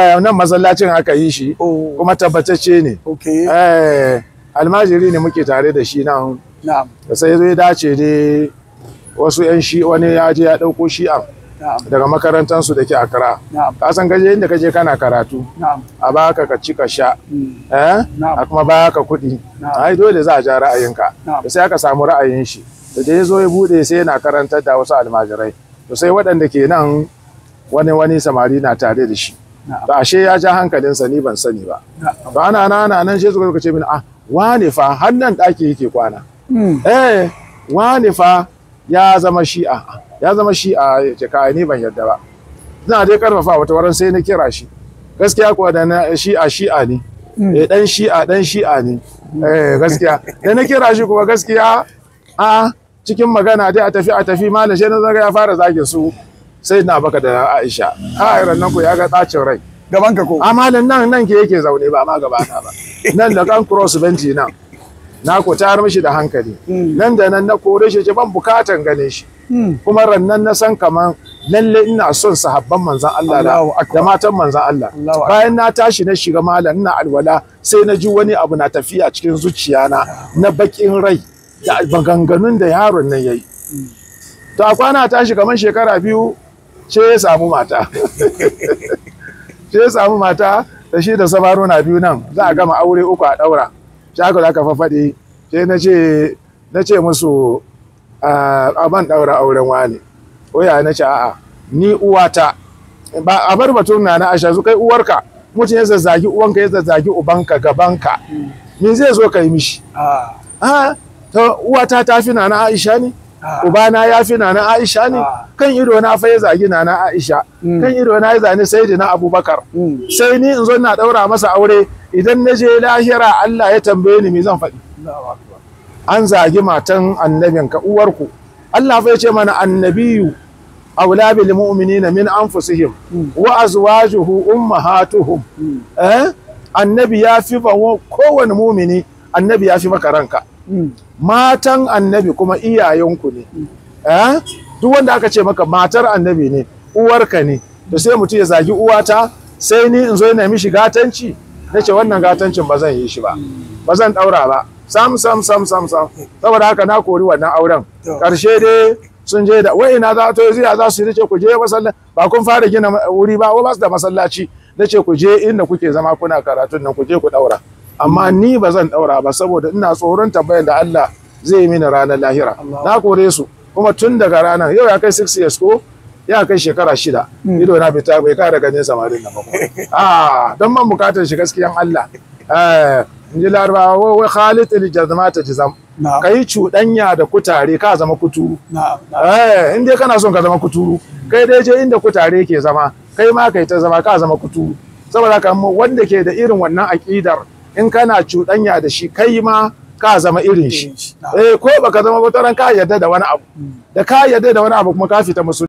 Eh, nan masallacin aka yi shi oh. kuma tabbatacce ne eh, almajiri ne muke tare da shi nan sai zai dace ne wasu yan shi wani ya je ya shi shi'a daga su da ke akara ka san gaje inda kaje kana karatu a baka ka ci ka sha mm. eh? a kuma baka kuɗi ai dole za a ja ra'ayinka da sai aka samu ra'ayin shi da dai zo ya bude sai yana karantar da wasu almajirai to sai waɗanda ke nan wani wani samari na tare da shi da ashe ya ja hankalinsa ni ban sani ba to ana nan ana nan shi suka ce mini ah wane fa har nan daki yake kwana hmm. eh wane fa ya zama shi'a ya zama shi'a ce kai ni ban yarda ba ina dai karfafa wata waran sai na kira shi gaskiya kuwa da na shi'a shi'a ne hmm. eh dan shi'a dan shi'a ne eh gaskiya da na kira shi kuma gaskiya a cikin magana dai a tafi a tafi malam shi na zaga ya fara zagin su sai na baka da Aisha a nan ku ya ga tsacin rai gaban ka ko Amma nan nan ke yake zaune ba ma gaba na ba nan da kan cross benci nan na ko tayar mishi da hankali hmm. nan da nan na kore shi ban bukatan ganin shi hmm. kuma rannan na san kaman lalle ina son sahabban manzan Allah da matan manzan Allah bayan na tashi na shiga malam ina alwala sai na ji wani abu na tafiya cikin zuciya na Na bakin rai da maganganun da yaron nan yayi hmm. to a kwana tashi kaman shekara biyu ce ya samu mata ce ya samu mata da shi da sabaro na biyu nan za a gama aure uku a daura shi haka za ka faɗi, sai na ce na ce musu a ban daura auren wani oya na ce a'a ni uwata ba a bar batun na na asha su kai uwarka mutum ya zazzagi uwanka ya zazzagi ubanka gabanka mm. me zai zo ka yi mishi a'a ah. ah, to uwata ta fi na na aisha ne Ah. ubana ya fi nana aisha ne ah. kan ido na fa ya zagi nana aisha hmm. kan ido na ya zani na abubakar hmm. sai ni in zo na daura masa aure idan na je lahira Allah ya tambaye ni me zan faɗi an zagi matan annabinka uwarku Allah fa ya ce mana annabiyu min hmm. azwajuhu ummahatuhum eh annabi ya fi ba النبي mumini annabi ya fi maka ranka matan annabi kuma iyayenku ne eh? duk wanda aka ce maka matar annabi ne uwarka ne to sai mutum ya zagi uwata sai ni in zo yana mishi gatanci na ce wannan gatancin ba zan yi shi ba ba zan daura ba sam sam sam sam sam saboda haka na kori wannan auren karshe dai sun je da wai ina za to ziya za su yi nace ku je masallaci ba kun fara gina wuri ba ba su da masallaci nace ku je inda kuke zama kuna karatun nan ku je ku daura amma ni ba zan daura ba saboda ina tsoron tambayar da Allah zai yi mini ranar lahira na kore su kuma tun daga ranar yau ya kai 6 years ko ya kai shekara shida hmm. ido na fita bai kara ganin samarin na bako a don man bukatar shi gaskiyan Allah eh, in ji larabawa wai khalid iljazma ta jizam ka yi cuɗanya da kutare ka zama kuturu eh, in dai kana son ka zama kuturu kai dai je inda kutare ke zama kai ma kai ta zama ka zama kuturu saboda ka wanda ke da irin wannan aƙidar in kana cuɗanya da shi kai ma ka zama irin shi eh ko baka zama ba ka yadda da wani abu mm. da ka yadda da wani abu kuma ka fita musu